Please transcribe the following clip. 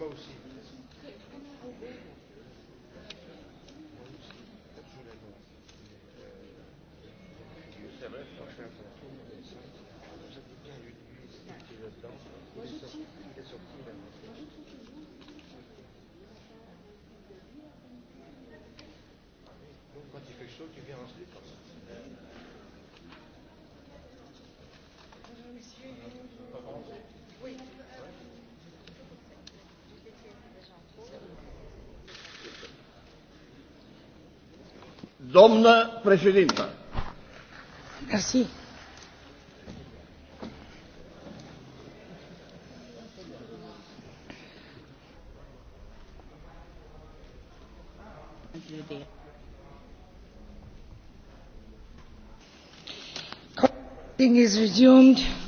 Quand il fait chaud, tu viens en slip comme ça. Doamnă președintă! Merci. meeting is resumed.